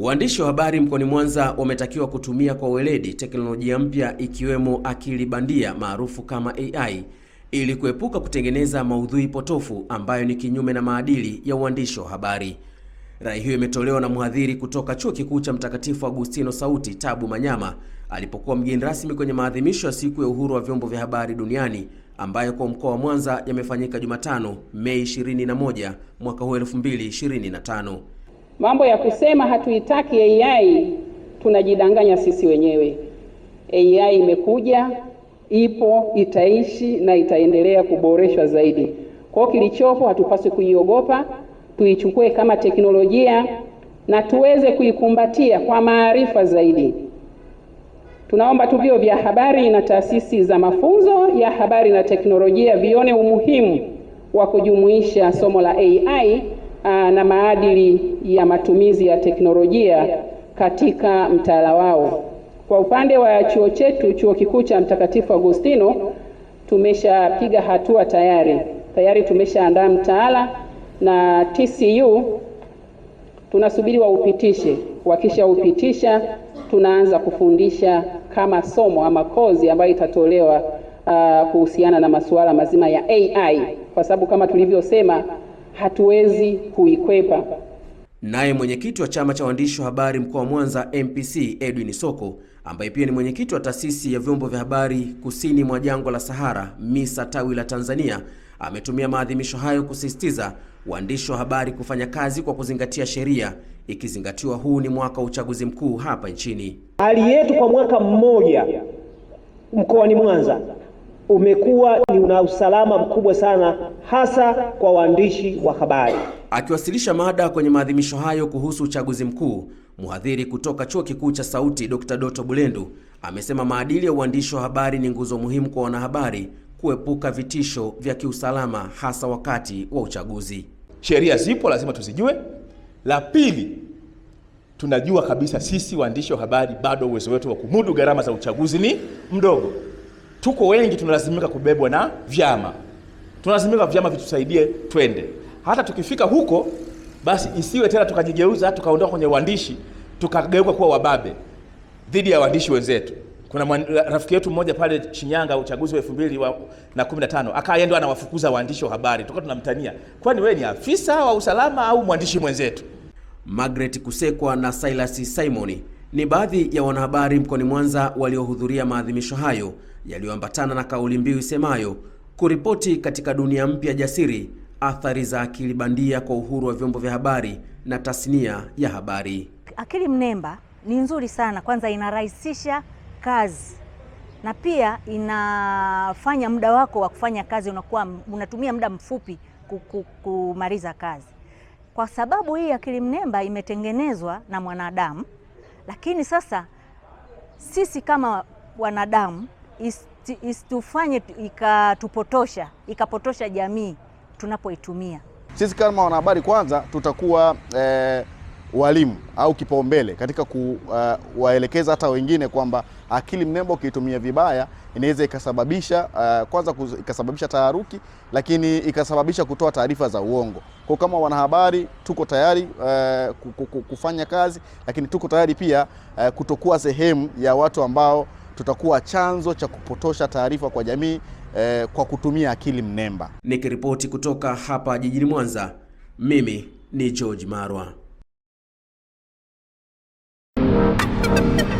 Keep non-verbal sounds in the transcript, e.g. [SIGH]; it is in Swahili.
Waandishi wa habari mkoani Mwanza wametakiwa kutumia kwa weledi teknolojia mpya ikiwemo akili bandia maarufu kama AI ili kuepuka kutengeneza maudhui potofu ambayo ni kinyume na maadili ya uandishi wa habari. Rai hiyo imetolewa na mhadhiri kutoka Chuo Kikuu cha Mtakatifu Agustino Sauti, Tabu Manyama, alipokuwa mgeni rasmi kwenye maadhimisho ya Siku ya Uhuru wa Vyombo vya Habari Duniani ambayo kwa mkoa wa Mwanza yamefanyika Jumatano, Mei 21 mwaka huu 2025. Mambo ya kusema hatuitaki AI, tunajidanganya sisi wenyewe. AI imekuja, ipo, itaishi na itaendelea kuboreshwa zaidi. Kwa kilichopo hatupaswi kuiogopa, tuichukue kama teknolojia na tuweze kuikumbatia kwa maarifa zaidi. Tunaomba tu vyuo vya habari na taasisi za mafunzo ya habari na teknolojia vione umuhimu wa kujumuisha somo la AI aa, na maadili ya matumizi ya teknolojia katika mtaala wao. Kwa upande wa chuo chetu, chuo kikuu cha Mtakatifu Agustino, tumeshapiga hatua tayari tayari tumeshaandaa mtaala na TCU tunasubiri waupitishe. Wakishaupitisha tunaanza kufundisha kama somo ama kozi ambayo itatolewa uh, kuhusiana na masuala mazima ya AI, kwa sababu kama tulivyosema hatuwezi kuikwepa. Naye mwenyekiti wa chama cha waandishi wa habari mkoa wa Mwanza MPC Edwin Soko, ambaye pia ni mwenyekiti wa taasisi ya vyombo vya habari kusini mwa jangwa la Sahara MISA tawi la Tanzania, ametumia maadhimisho hayo kusisitiza waandishi wa habari kufanya kazi kwa kuzingatia sheria, ikizingatiwa huu ni mwaka wa uchaguzi mkuu hapa nchini. Hali yetu kwa mwaka mmoja mkoani Mwanza umekuwa ni una usalama mkubwa sana hasa kwa waandishi wa habari. Akiwasilisha mada kwenye maadhimisho hayo kuhusu uchaguzi mkuu, mhadhiri kutoka Chuo Kikuu cha Sauti Dr. Doto Bulendu amesema maadili ya uandishi wa habari ni nguzo muhimu kwa wanahabari kuepuka vitisho vya kiusalama hasa wakati wa uchaguzi. Sheria zipo, lazima tuzijue. La pili, tunajua kabisa sisi waandishi wa habari bado uwezo wetu wa kumudu gharama za uchaguzi ni mdogo tuko wengi tunalazimika kubebwa na vyama, tunalazimika vyama vitusaidie twende. Hata tukifika huko, basi isiwe tena tukajigeuza tukaondoka kwenye uandishi tukageuka kuwa wababe dhidi ya waandishi wenzetu. Kuna rafiki yetu mmoja pale Shinyanga, uchaguzi wa elfu mbili na kumi na tano akaa ndo anawafukuza waandishi wa habari, tukawa tunamtania, kwani wewe ni afisa wa usalama au mwandishi mwenzetu? Margaret Kusekwa na Silas Simoni ni baadhi ya wanahabari mkoani Mwanza waliohudhuria maadhimisho hayo yaliyoambatana na kauli mbiu isemayo kuripoti katika dunia mpya jasiri, athari za akili bandia kwa uhuru wa vyombo vya habari na tasnia ya habari. Akili mnemba ni nzuri sana, kwanza inarahisisha kazi na pia inafanya muda wako wa kufanya kazi unakuwa unatumia muda mfupi kumaliza kazi, kwa sababu hii akili mnemba imetengenezwa na mwanadamu. Lakini sasa sisi kama wanadamu isitufanye ikatupotosha ikapotosha jamii tunapoitumia. Sisi kama wanahabari kwanza tutakuwa eh, walimu au kipaumbele katika kuwaelekeza uh, hata wengine kwamba akili mnemba ukiitumia vibaya inaweza ikasababisha uh, kwanza kuz, ikasababisha taharuki, lakini ikasababisha kutoa taarifa za uongo. Kwa kama wanahabari tuko tayari uh, kufanya kazi, lakini tuko tayari pia uh, kutokuwa sehemu ya watu ambao tutakuwa chanzo cha kupotosha taarifa kwa jamii uh, kwa kutumia akili mnemba. Nikiripoti kutoka hapa jijini Mwanza, mimi ni George Marwa. thank [LAUGHS] you